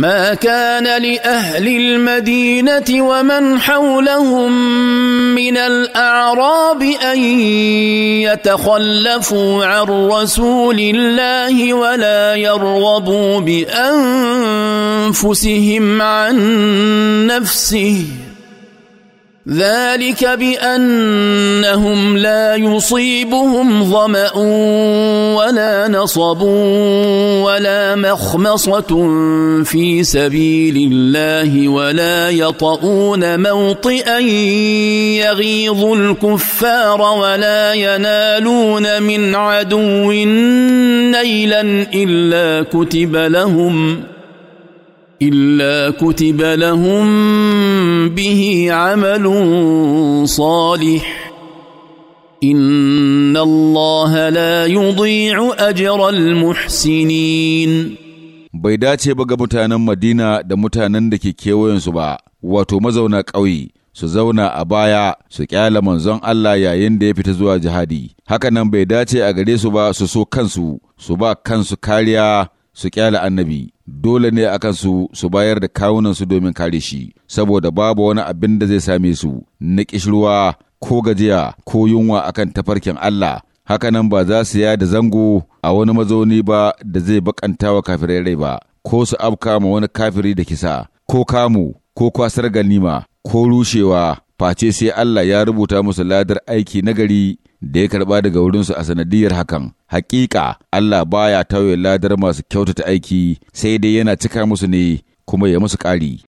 ما كان لاهل المدينه ومن حولهم من الاعراب ان يتخلفوا عن رسول الله ولا يرغبوا بانفسهم عن نفسه ذلك بانهم لا يصيبهم ظما ولا نصب ولا مخمصه في سبيل الله ولا يطؤون موطئا يغيظ الكفار ولا ينالون من عدو نيلا الا كتب لهم الا كتب لهم به عمل صالح ان الله لا يضيع اجر المحسنين bai dace ba ga mutanen madina da mutanen da ke kewayensu ba wato mazauna ƙauye su zauna a baya su ƙyala manzon Allah yayin da ya fita zuwa jihadi hakanan bai dace a gare su ba su so kansu su ba kansu kariya su kyala annabi dole ne a kansu su bayar da kawunansu domin kare shi saboda babu wani abin da zai same su na kishirwa ko gajiya ko yunwa akan tafarkin Allah hakanan ba za su yada zango a wani mazauni ba da zai bakanta wa kafirai rai ba ko su afka ma wani kafiri da kisa ko kamu ko kwasar ganima ko rushewa face sai Allah ya rubuta musu ladar aiki nagari da ya karba daga wurinsu a sanadiyar hakan Hakika Allah baya tauye ladar masu kyautata aiki sai dai yana cika musu ne kuma ya musu ƙari.